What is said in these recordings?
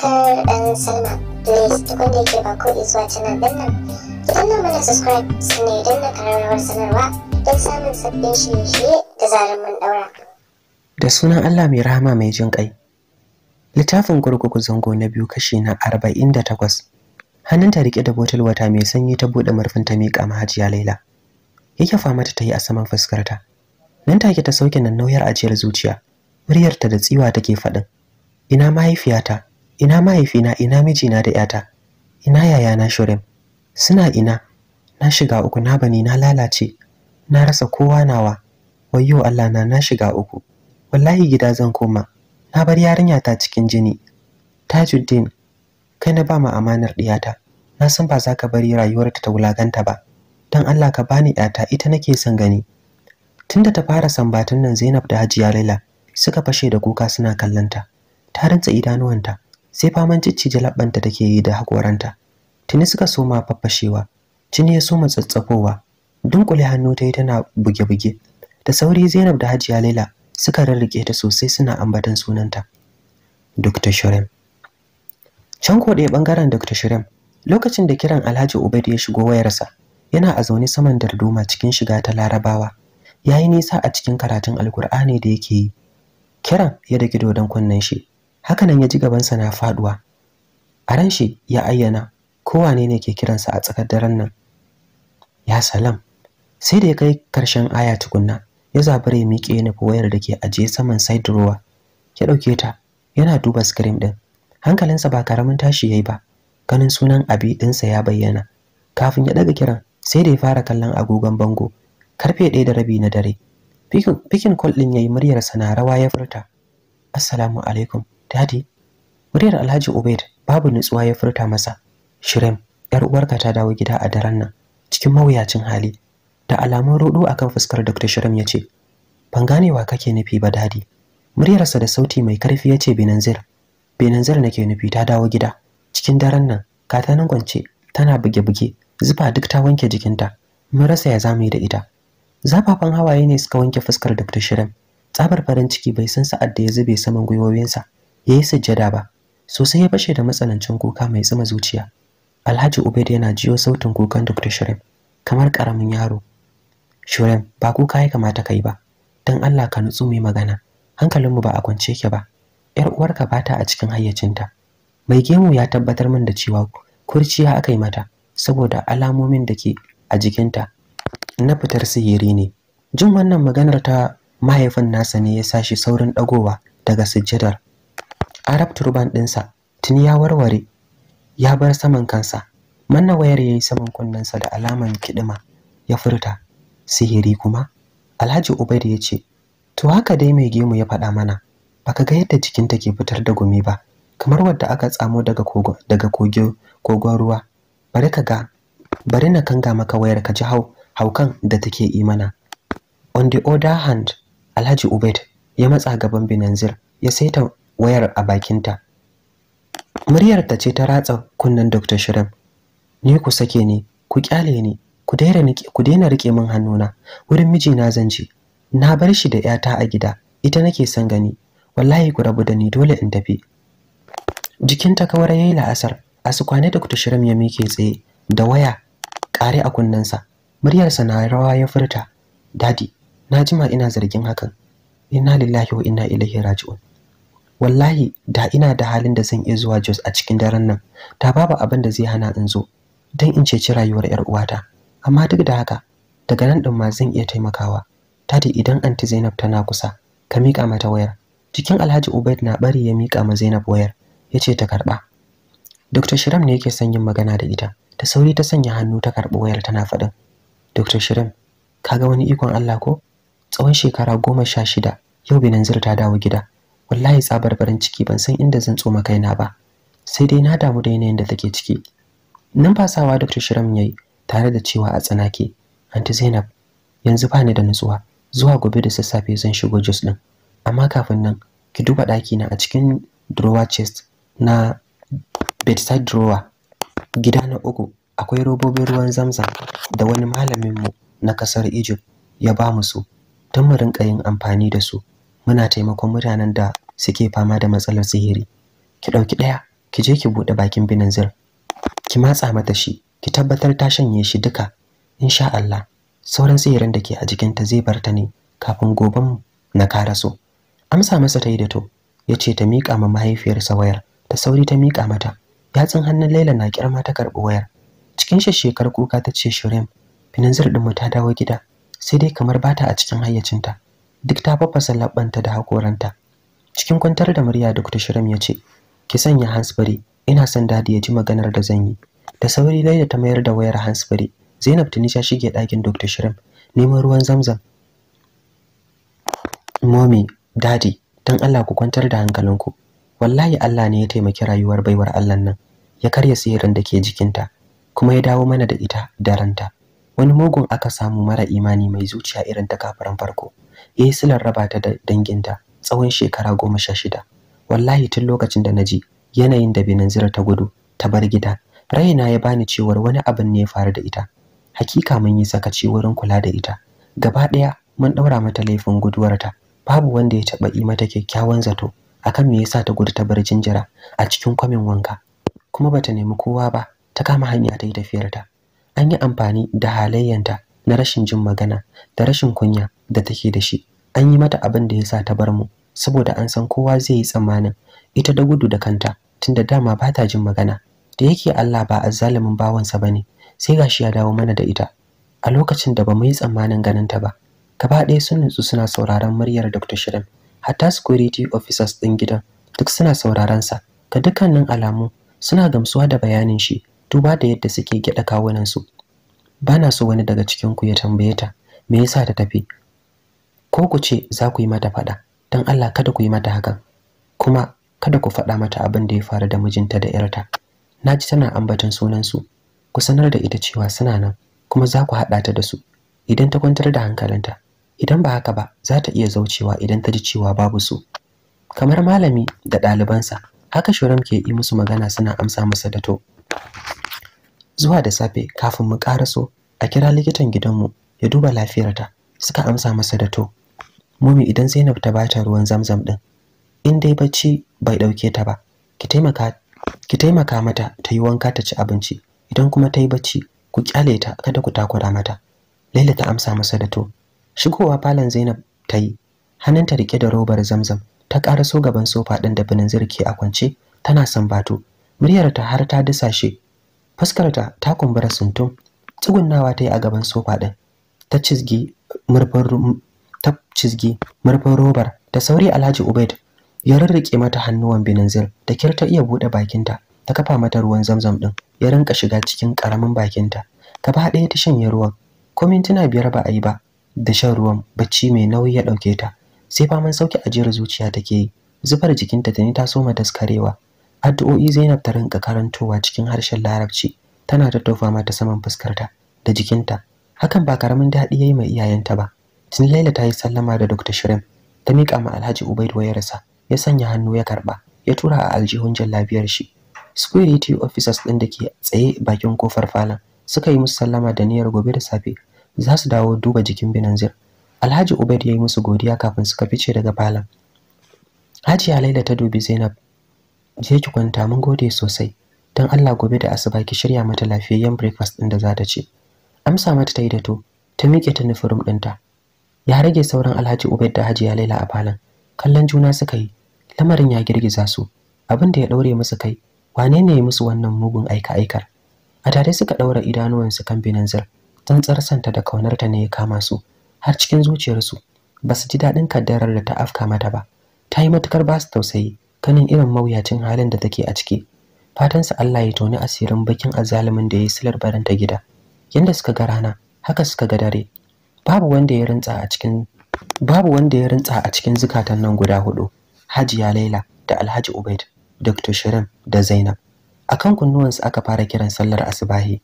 subscribe and sign up. Please da ba ko subscribe sanarwa don samun da sunan Allah mai rahama mai jin kai. Littafin gurguku zango na biyu kashi na arba'in da takwas. Hannunta riƙe da botul wata mai sanyi ta buɗe murfin ta miƙa ma Hajiya Laila. Yake fama ta yi a saman fuskarta. Nan take ta sauke nan nauyar ajiyar zuciya. Muryarta da tsiwa take faɗin. Ina mahaifiyata? ina mahaifina ina mijina da yata ina yayana shirin? suna ina na shiga uku na bani na lalace na rasa kowa nawa wayo Allah na na shiga uku wallahi gida zan koma na bar yarinya ta cikin jini tajuddin kai na ba mu amanar diyata na san ba za ka bari rayuwarta ta wulaganta ba dan Allah ka bani yata ita nake son gani tunda ta fara sambatun nan Zainab da Hajiya Laila suka fashe da kuka suna kallanta ta rantsa idanuwanta sai faman ciccije labbanta take yi da hakoranta tuni suka soma faffashewa tuni ya soma tsatsafowa dunkule hannu ta yi tana buge-buge da sauri zainab da hajiya laila suka rarrike ta sosai suna ambatan sunanta dr shurem can ko ɗaya ɓangaren dr shurem lokacin da kiran alhaji ubaid ya shigo wayarsa yana a zaune saman darduma cikin shiga ta larabawa ya yi nisa a cikin karatun alkur'ani da yake yi kiran ya dake dodon kunnen shi hakanan ya ji gabansa na faduwa a ran shi ya ayyana kowane ne ke kiransa a tsakar daren nan ya salam sai da ya kai karshen aya tukunna ya zabare ya miƙe ya nufi wayar da ke ajiye saman side drawer ya ɗauke ta yana duba screen ɗin hankalinsa ba karamin tashi ya yi ba ganin sunan abi ɗinsa ya bayyana kafin ya ɗaga kiran sai da ya fara kallon agogon bango karfe ɗaya da rabi na dare pikin kol ɗin ya yi muryarsa na rawa ya furta assalamu alaikum dadi muryar alhaji ubaid babu nutsuwa ya furta masa shirem yar uwarka ta dawo gida a daren nan cikin mawuyacin hali da alamun rudu akan fuskar dr shirem ya ce ban ganewa kake nufi ba dadi muryarsa da sauti mai karfi ya ce benanzir benanzir nake nufi ta dawo gida cikin daren nan nan kwance tana buge-buge zufa duk ta wanke jikinta mun rasa ya zamu da ita zafafan hawaye ne suka wanke fuskar dr shirem tsabar farin ciki bai san sa'ad da ya zube saman gwiwowinsa ya yi sujjada ba sosai ya fashe da matsanancin kuka mai tsima zuciya alhaji ubaid yana jiyo sautin kukan dr shirem kamar karamin yaro shirem ba kuka ya kamata kai ba don allah ka nutsu mai magana hankalinmu ba a kwance ke ba yar uwarka ba ta a cikin hayyacinta mai gemu ya tabbatar min da cewa kurciya aka yi mata saboda alamomin da ke a jikinta na fitar sihiri ne jin wannan maganar ta mahaifin nasa ne ya sashi saurin dagowa daga sujjadar arab turban ɗinsa tuni ya warware ya bar saman kansa manna wayar yayi saman kunnensa da alaman kidima ya furta sihiri kuma alhaji Ubaid ya ce to haka dai mai gemu ya faɗa mana baka ga yadda jikinta ke fitar da gumi ba kamar wadda aka tsamo daga kogo daga kogin kogon ruwa bari ka ga bari na kanga maka wayar ka ji hau haukan da take yi mana on the other hand alhaji ubaid ya matsa gaban binanzir ya saita wayar a bakinta muryar ta ce ta ratsa kunnen Dr. Shirem ni ku sake ni ku kyale ni ku daina nike ku daina rike min hannuna wurin mijina zan je na bar shi da yata a gida ita nake son gani wallahi ku rabu da ni dole in tafi Jikin jikinta kawar yayi la'asar a su kwane Dr. Shirem ya mike tsaye da waya kare a kunnensa muryarsa na rawa ya furta dadi na jima ina zargin hakan inna lillahi wa inna ilaihi raji'un wallahi da ina da halin da zan iya zuwa Jos a cikin daren nan ta babu abin da zai hana in zo don in ceci rayuwar yar uwata amma duk da haka daga nan din ma zan iya taimakawa da idan anti Zainab tana kusa ka mika mata wayar cikin Alhaji Ubaid na bari ya mika ma Zainab wayar yace ta karba Dr. Shiram ne yake son yin magana da ita ta sauri ta sanya hannu ta karbi wayar tana faɗin Dr. Shiram kaga wani ikon Allah ko tsawon shekara goma sha shida yau binan ta dawo gida wallahi tsabar barin ciki ban san inda zan tsoma kaina ba sai dai na damu da yanayin da take ciki nan ba fasawa Dr. Shiram yayi tare da cewa a tsanake anti Zainab yanzu ba ni da nutsuwa zuwa gobe da sassafe zan shigo jos din amma kafin nan ki duba daki na a cikin drawer chest na bedside drawer gida na uku akwai robobin ruwan zamzam da wani malamin mu na kasar Egypt ya ba mu su don mu rinka yin amfani da su muna taimakon mutanen da suke fama da matsalar sihiri ki ɗauki ɗaya ki je ki buɗe bakin binin zir ki matsa mata shi ki tabbatar ta shanye shi duka insha Allah sauran sihirin da ke a jikinta zai bar ta ne kafin goben na karaso amsa masa ta yi da to ya ce ta miƙa ma mahaifiyarsa wayar ta sauri ta miƙa mata yatsun hannun laila na kirma ta karɓi wayar cikin shekar kuka ta ce shirin finanzir ɗinmu ta dawo gida sai dai kamar bata a cikin hayyacinta duk ta fafasa labanta da hakoranta cikin kwantar da murya Dr. Shirim ya ce ki sanya hansbury ina son dadi ya ji maganar da zan yi da sauri Laila ta mayar da wayar hansbury Zainab ta ta shige ɗakin Dr. Shirim neman ruwan zamzam Mommy dadi dan Allah ku kwantar da hankalinku wallahi Allah ne ya taimaki rayuwar baiwar Allah nan ya karya sihirin da ke jikinta kuma ya dawo mana da ita da ranta wani mugun aka samu mara imani mai zuciya irin ta kafaran farko ya yi silar raba ta da danginta tsawon shekara goma sha shida wallahi tun lokacin da na ji yanayin da binanzira ta gudu ta bar gida raina ya bani cewar wani abin ne ya faru da ita hakika mun yi sakaci wurin kula da ita gaba ɗaya mun ɗaura mata laifin guduwarta babu wanda ya taɓa yi mata kyakkyawan zato akan me yasa ta gudu ta bar jinjira a cikin kwamin wanka kuma bata nemi kowa ba ta kama hanya ta yi tafiyarta an yi amfani da halayyanta na rashin jin magana da rashin kunya da take da shi an yi mata abin da ya sa ta bar mu saboda an san kowa zai yi tsammanin ita da gudu da kanta tunda dama ba ta jin magana da yake Allah ba azzalumin bawansa bane sai gashi ya dawo mana da ita a lokacin da ba mu yi tsammanin ganin ta ba gaba ɗaya sun nutsu suna sauraron muryar Dr. Shirin hatta security officers ɗin gidan duk suna sauraron sa ga dukkanin alamu suna gamsuwa da bayanin shi duba da yadda suke gyaɗa kawunan su bana so wani daga cikin ku ya tambaye ta me yasa ta tafi ko ku ce za ku yi mata faɗa don Allah kada ku yi mata hakan kuma kada ku faɗa mata abin da ya faru da mijinta da ‘yarta naji ji tana ambaton su ku sanar da ita cewa suna nan kuma za ku haɗa ta da su idan ta kwantar da hankalinta idan ba haka ba za ta iya zaucewa idan ta ji cewa babu su kamar malami da ɗalibansa haka shuram ke yi musu magana suna amsa masa da to zuwa da safe kafin mu so a kira likitan gidanmu ya duba lafiyarta suka amsa masa da to mumi idan Zainab ta bata ruwan zamzam din in dai bacci bai dauke ta ba ki taimaka ki taimaka mata ta yi wanka ta ci abinci idan kuma ta yi bacci ku kyale ta kada ku takura mata Laila ta amsa masa da to shigowa falon Zainab ta yi hannunta rike da robar zamzam ta so gaban sofa din da binin zirki a kwance tana sambato muryar ta har ta dusashe fuskarta ta kumbura suntum tsugunnawa ta yi a gaban sofa ɗin ta cizgi murfin robar da sauri alhaji ubaid ya rarrike mata hannuwan binanzir da kyar iya buɗe bakinta ta kafa mata ruwan zamzam ɗin ya rinka shiga cikin ƙaramin bakinta gaba ɗaya ta shanye ruwan ko mintuna biyar ba a yi ba da shan ruwan bacci mai nauyi ya ɗauke ta sai faman sauki ajiyar zuciya take yi zubar jikinta ta ne ta soma daskarewa addu'o'i Zainab ta rinka karantowa cikin harshen Larabci tana tattofa mata saman fuskarta da jikinta hakan ba karamin daɗi yayi mai iyayenta ba tun Laila ta yi sallama da Dr. Shirin ta miƙa ma Alhaji Ubaid wayarsa ya sanya hannu ya karba ya tura a aljihun jallabiyar shi security officers ɗin da ke tsaye bakin kofar falon suka yi musu sallama da niyyar gobe da safe za su dawo duba jikin Binanzir Alhaji Ubaid ya yi musu godiya kafin suka fice daga falon Hajiya Laila ta dubi Zainab je ki kwanta mun gode sosai don Allah gobe da asuba ki shirya mata lafiyayyen breakfast din da za ta ci amsa mata ta yi da to ta miƙe ta nufi room ɗinta ya rage sauran Alhaji Ubaid da Hajiya Laila a falon kallon juna suka yi lamarin ya girgiza su abin da ya ɗaure musu kai wane ne ya musu wannan mugun aika aikar a tare suka ɗaura idanuwansu kan binanzir tsantsar santa da kaunarta ne ya kama su har cikin zuciyarsu ba su ji daɗin kaddarar da ta afka mata ba ta yi matukar ba su tausayi Kanin irin mawuyacin halin da take a ciki fatansa Allah ya toni asirin bakin azalimin da ya yi silar baranta gida yanda suka ga rana haka suka ga dare babu wanda ya rintsa a cikin babu wanda ya rintsa a cikin zukatan nan guda hudu Hajiya Laila da Alhaji Ubaid Dr. Shirin da Zainab akan kunnuwansu aka fara kiran sallar asubahi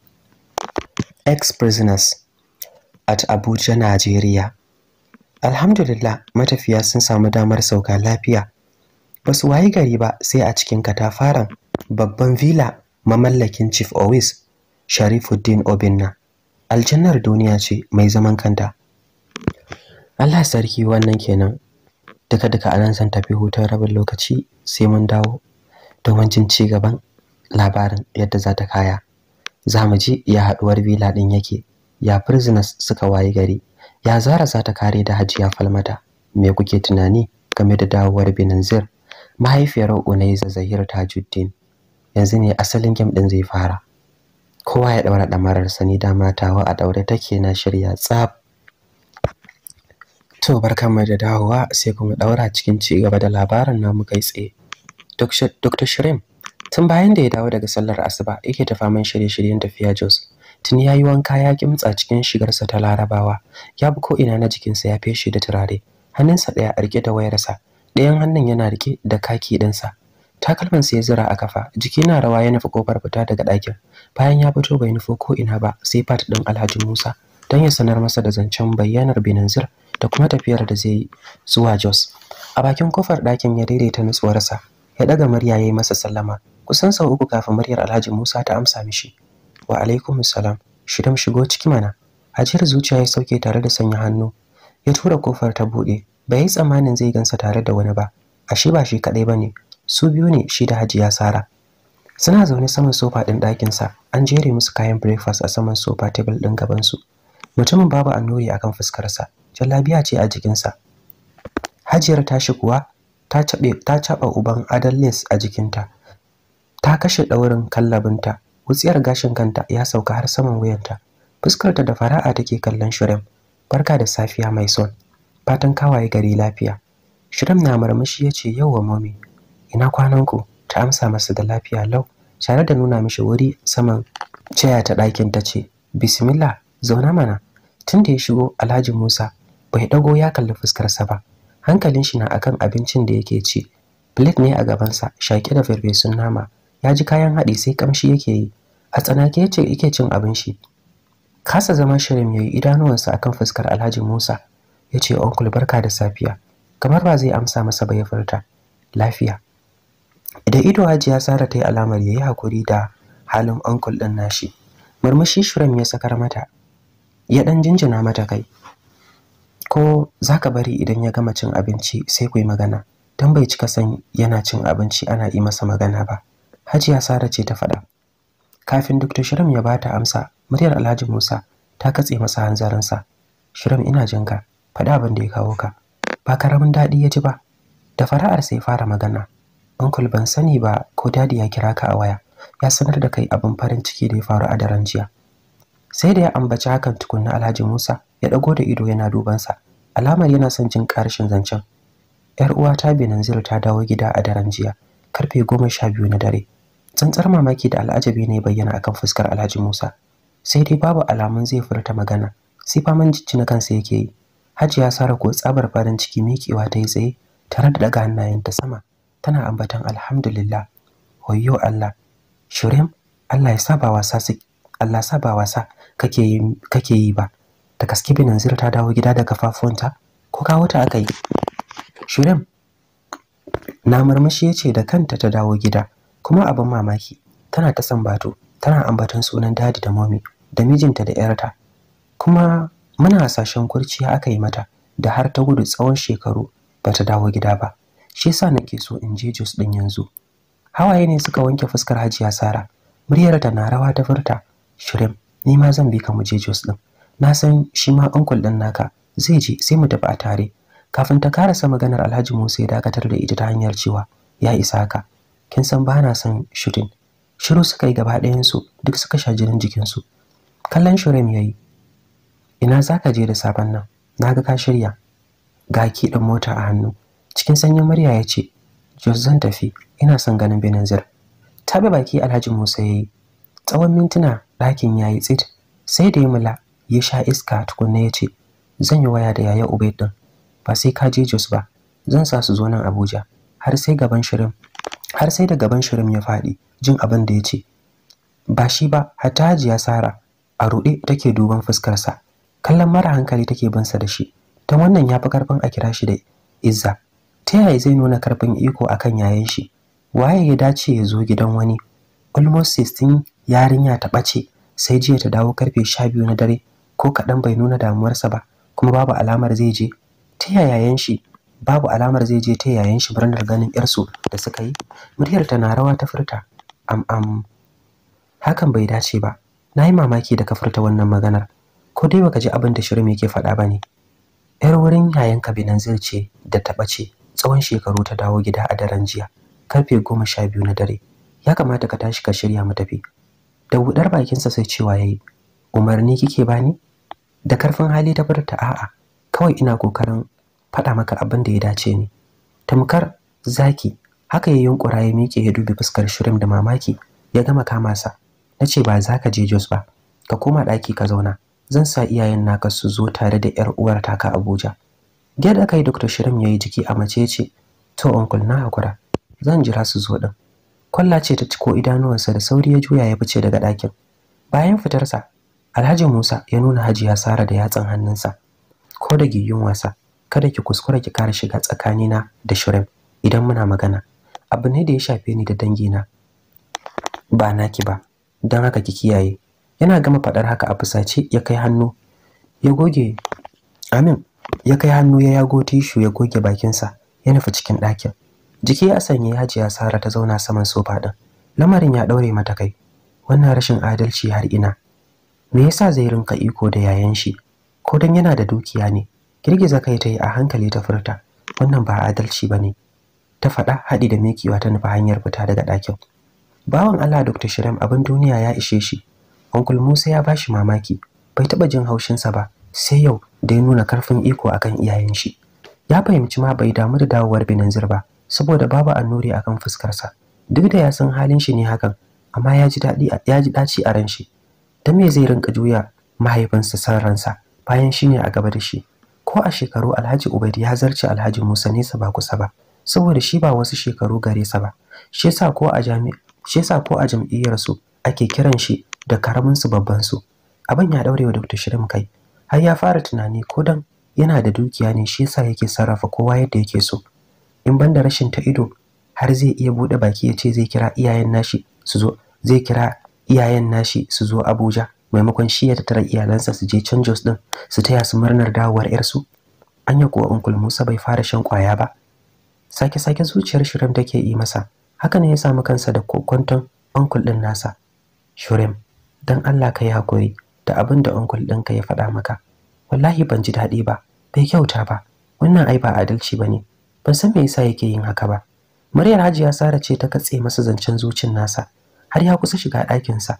ex prisoners at Abuja Nigeria alhamdulillah matafiya sun samu damar sauka lafiya ba su wayi gari ba sai a cikin katafaren babban vila mamallakin chief owis sharifuddin obinna aljannar duniya ce mai zaman kanta allah sarki wannan kenan duka duka anan zan tafi hutun rabin lokaci sai mun dawo domin jin ci gaban labarin yadda za ta kaya za mu ji ya haduwar vila ɗin yake ya prisoners suka wayi gari ya zara za ta kare da hajiya falmata me kuke tunani game da dawowar benanzir mahaifiyar Unaiza Zahir Tajuddin yanzu ne asalin game din zai fara kowa ya daura damarar sani da matawa a daure take na shirya tsab. to barkamu da dawowa sai kuma daura cikin ci gaba da labarin namu kai tsaye Dr. Shirim tun bayan da ya dawo daga sallar asuba yake ta faman shirye-shiryen tafiya Jos tun yayi wanka ya kimtsa cikin shigarsa ta larabawa ya bi ko ina na jikinsa ya feshe da turare hannunsa ɗaya a rike da wayarsa ɗayan hannun yana rike da kaki ɗinsa takalman ya zira a kafa jiki na rawa ya nufi kofar fita daga ɗakin bayan ya fito bai nufo ko ina ba sai fat ɗin alhaji musa don ya sanar masa da zancen bayyanar binanzir da kuma tafiyar da zai yi zuwa jos a bakin kofar ɗakin ya daidaita nutsuwarsa ya ɗaga murya ya yi masa sallama kusan sau uku kafin muryar alhaji musa ta amsa mishi wa alaikum salam shidam shigo ciki mana ajiyar zuciya ya sauke tare da sanya hannu ya tura kofar ta buɗe bai yi tsammanin zai gansa tare da wani ba ashe ba shi kadai bane su biyu ne shi da Hajiya Sara suna zaune saman sofa din ɗakin sa an jere musu kayan breakfast a saman sofa table din gaban su mutumin babu annuri akan fuskar sa jallabiya ce a jikin sa Hajiyar tashi kuwa ta cabe ta caba uban adalles a jikinta ta kashe daurin kallabinta wutsiyar gashin kanta ya sauka har saman wuyanta ta da fara'a take kallon shirem barka da safiya mai son fatan kawaye gari lafiya shirin na marmashi ya ce yauwa momi ina kwananku ta amsa masa da lafiya lau tare da nuna mishi wuri saman caya ta ɗakin ta ce bismillah zauna mana Tunda ya shigo alhaji musa bai ɗago ya kalli fuskarsa ba hankalin shi na akan abincin da yake ci plate ne a gabansa shaki da farfesun nama ya ji kayan haɗi sai kamshi yake yi a tsanake yace yake cin abin shi kasa zama shirin yayi idanuwansa akan fuskar Alhaji Musa ya ce uncle barka da safiya kamar ba zai amsa masa ba ya furta lafiya Da ido hajiya sara ta yi alamar ya yi hakuri da halin uncle ɗin nashi murmushi shuram ya sakar mata ya ɗan jinjina mata kai ko za ka bari idan ya gama cin abinci sai ku yi magana don bai cika san yana cin abinci ana yi masa magana ba hajiya sara ce ta faɗa kafin dr shirin ya bata amsa muryar alhaji musa ta katse masa hanzarinsa shirin ina jinka faɗi abin da ya kawo ka ba karamin daɗi ya ji ba da fara'ar sai fara magana uncle ban sani ba ko dadi ya kira ka a waya ya sanar da kai abin farin ciki da ya faru a daren jiya sai da ya ambaci hakan tukunna Alhaji Musa ya ɗago da ido yana duban sa alamar yana son jin karshen zancen yar uwa ta Benanzir ta dawo gida a daren jiya karfe goma sha biyu na dare tsantsar mamaki da al'ajabi ne bayyana akan fuskar Alhaji Musa sai dai babu alamun zai furta magana sai faman jicci na kansa yake yi Hajiya Sara ko tsabar farin ciki miƙewa ta yi tsaye tare da daga hannayenta sama tana ambaton alhamdulillah wayyo Allah shirim Allah ya saba wasa Allah saba wasa kake yi kake yi ba ta kaske binin ta dawo gida da kafafunta ko kawo wuta aka yi shirim na murmushi yace da kanta ta dawo gida kuma abin mamaki tana ta sambato tana ambaton sunan dadi da mommy da mijinta da yarta kuma muna hasashen kurciya aka yi mata da har ta gudu tsawon shekaru bata dawo gida ba shi yasa nake so in je jos ɗin yanzu hawaye ne suka wanke fuskar hajiya sara muryar ta na rawa ta furta shirim ni ma zan bi ka mu je jos din na san shi ma uncle din naka zai je sai mu tafi a tare kafin ta karasa maganar alhaji musa ya dakatar da ita ta hanyar cewa ya isa ka. kin san ba na son shirin shiru suka yi gaba ɗayansu duk suka sha jinin jikinsu kallon shirin ya yi ina za ka je da sabon nan na ga ka shirya ga kiɗin mota a hannu cikin sanyin murya ya ce jos zan tafi ina son ganin benin zir ta bi baki alhaji musa ya yi tsawon mintuna ɗakin ya yi tsit sai da ya mula ya sha iska tukunna ya ce zan yi waya da yaya ubaid din ba sai ka je jos ba zan sa su zo nan abuja har sai gaban shirin har sai da gaban shirin ya faɗi jin abin da ya ce ba shi ba hatta hajiya sara a ruɗe take duban fuskarsa kallon mara hankali take binsa da shi don wannan ya fi karfin a kira shi da izza ta yaya zai nuna karfin iko akan yayan shi waye ya dace ya zo gidan wani almost 16 yarinya ta ɓace sai jiya ta dawo karfe 12 na dare ko kaɗan bai nuna damuwarsa ba kuma babu alamar zai je ta yayan shi babu alamar zai je ta yayan shi murnar ganin yarsu da suka yi muryar ta na rawa ta furta am am hakan bai dace ba na yi mamaki da ka furta wannan maganar ko dai baka ji abin da shirin yake faɗa ba ne yar wurin yayan kabinan zai ce da taɓa ce tsawon shekaru ta dawo gida a daren jiya karfe goma sha biyu na dare ya kamata ka tashi ka shirya mu tafi da buɗar bakinsa sai cewa yayi umarni kike bani da karfin hali ta furta a'a kawai ina kokarin faɗa maka abin da ya dace ni tamkar zaki haka ya yunkura ya miƙe ya dubi fuskar shirin da mamaki ya gama kama sa na ce ba za ka je jos ba ka koma ɗaki ka zauna zan sa iyayen naka su zo tare da yar uwar ka Abuja gyada kai Dr. Shirim yayi jiki a mace ce to uncle na hakura zan jira su zo din kwalla ce ta ciko idanuwansa da sauri ya juya ya fice daga ɗakin bayan fitarsa Alhaji Musa ya nuna Hajiya Sara da yatsan hannunsa ko da giyun wasa kada ki kuskura ki kare shiga tsakanina da Shirim idan muna magana abu ne da ya shafe ni da dangina ba naki ba don haka ki kiyaye yana gama faɗar haka a fusace ya kai hannu ya goge amin ya kai hannu ya yago tishu ya goge bakinsa ya nufi cikin ɗakin jiki ya sanye hajiya sara ta zauna saman sofa ɗin lamarin ya ɗaure mata kai wannan rashin adalci har ina me yasa zai rinka iko da yayan shi ko dan yana da dukiya ne girgiza kai ta yi a hankali ta furta wannan ba adalci ba ne ta faɗa haɗi da mekiwa ta nufi hanyar fita daga ɗakin bawan allah dr shirem abin duniya ya ishe shi Uncle Musa ya bashi mamaki, bai taɓa jin haushinsa ba, sai yau da ya nuna karfin iko akan iyayen shi. Ya fahimci ma bai damu da dawowar Binanzir ba, saboda babu annuri akan fuskarsa. Duk da ya san halin shi ne hakan, amma ya ji daɗi ya ji ɗaci a ran shi. Ta me zai rinka juya mahaifinsa san ransa bayan shi ne a gaba da shi. Ko a shekaru Alhaji Ubaidi ya zarce Alhaji Musa nesa ba kusa ba, saboda shi ba wasu shekaru gare sa ba. Shi yasa ko a jami'a shi yasa ko a jam'iyyarsu ake kiran shi da su babban su, abin ya daure wa dr Shirin kai har ya fara tunani ko dan yana da dukiya ne shi yasa yake sarrafa kowa yadda yake so in ban da rashin ta ido har zai iya bude baki ya ce zai kira iyayen nashi su zo zai kira iyayen nashi su zo Abuja maimakon shi ya tattara iyalansa su je can Jos din su taya su murnar dawowar yarsu anya kuwa Uncle Musa bai fara shan kwaya ba sake sake zuciyar shirin take yi masa haka ne ya samu kansa da kokonton Uncle din nasa Shurem don Allah ka yi hakuri da abin da uncle ɗinka ya faɗa maka wallahi ban ji daɗi ba bai kyauta ba wannan ai ba adalci ba ne ban san me yasa yake yin haka ba muryar hajiya sara ce ta katse masa zancen zucin nasa har ya kusa shiga ɗakinsa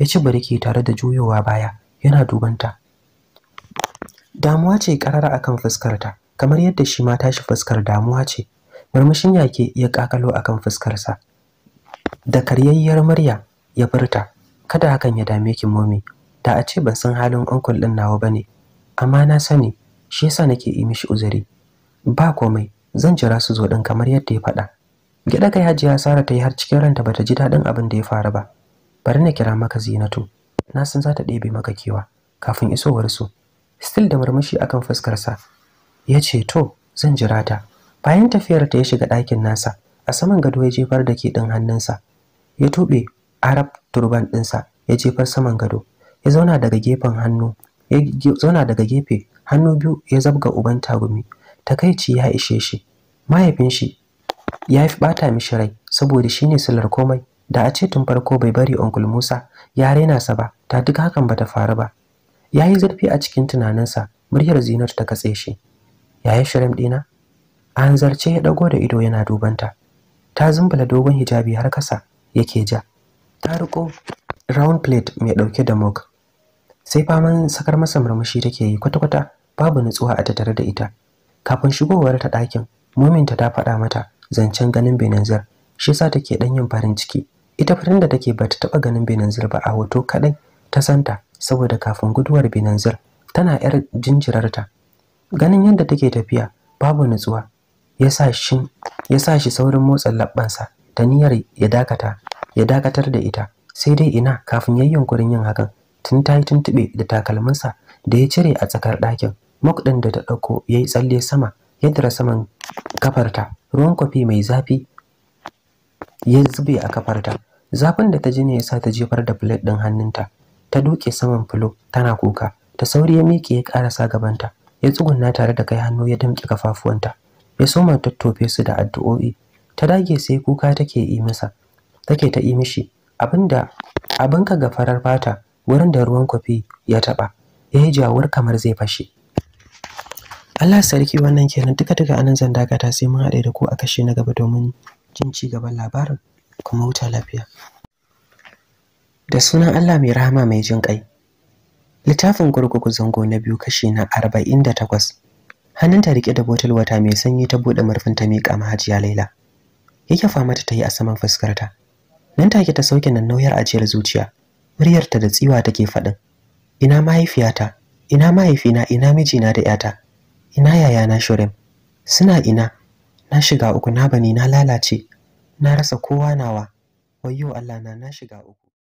ya ci bariki tare da juyowa baya yana dubanta damuwa ce karara akan fuskarta kamar yadda shi ma tashi fuskar damuwa ce murmushin yake ya kakalo akan fuskarsa da karyayyar murya ya furta kada hakan ya dame ki momi da a ce ban san halin uncle din nawa bane amma na sani shi yasa nake yi mishi uzuri ba komai zan jira su zo din kamar yadda ya faɗa gida kai hajiya Sara ta yi har cikin ranta bata ji daɗin abin da ya faru ba bari na kira maka Zinatu na san za ta ɗebe maka kewa kafin isowar su still da murmushi akan fuskarsa ya ce to zan jira ta bayan tafiyar ta ya shiga ɗakin nasa a saman gado ya jefar da ke ɗin hannunsa ya tuɓe arab turban ɗinsa ya jefar saman gado ya zauna daga gefen hannu ya zauna daga gefe hannu biyu ya zabga uban tagumi takaici ya ishe shi mahaifin shi ya fi bata mishi rai saboda shine silar komai da a ce tun farko bai bari Uncle Musa ya raina sa ba ta duk hakan bata faru ba yayi zurfi a cikin tunaninsa muryar Zinatu ta katse shi yayi shirin dina an zarce ya dago da ido yana dubanta ta zumbula dogon hijabi har kasa yake ja ta riko round plate mai dauke da mug sai faman sakar masa murmushi take yi kwata-kwata babu nutsuwa a tattare da ita kafin shigowar ta dakin mominta ta faɗa mata zancen ganin binanzir, shi yasa take dan yin farin ciki ita farin da take bata taba ganin binanzir ba a hoto kadai ta santa saboda kafin guduwar binanzir tana yar jinjirarta ganin yadda take tafiya babu nutsuwa ya sa shi saurin motsa labbansa da niyyar ya dakata ya dakatar da ita sai dai ina kafin yi yunkurin yin hakan tun ta yi tuntuɓe da takalminsa da ya cire a tsakar ɗakin mok da ta ɗauko ya yi tsalle sama ya dira saman kafarta ruwan kwafi mai zafi ya zube a kafarta zafin da ta ji ne ya sa ta jefar da plate ɗin hannunta ta duke saman filo tana kuka ta sauri ya miƙe ya ƙarasa gabanta ya tsugunna tare da kai hannu ya damƙe kafafuwanta ya soma tattofe su da addu'o'i ta dage sai kuka take yi masa take ta yi mishi abinda abinka ga farar fata wurin da ruwan kwafi ya taɓa ya yi jawur kamar zai fashe Allah sarki wannan kenan duka duka anan zan dakata sai mun haɗe da ku a kashe na gaba domin jin ci gaban labarin kuma huta lafiya da sunan Allah mai rahama mai jin kai littafin gurguku zango na biyu kashi na arba'in da takwas hannunta riƙe da botul wata mai sanyi ta buɗe murfin ta miƙa mahajiya hajiya laila yake fama ta yi a saman fuskarta nan take ta sauke nan nauyar ajiyar zuciya muryarta da tsiwa take faɗin ina mahaifiyata ina mahaifina ina mijina da yata ina yaya na shirin? suna ina na shiga uku na bani na lalace na rasa kowa nawa wayyo Allah na na shiga uku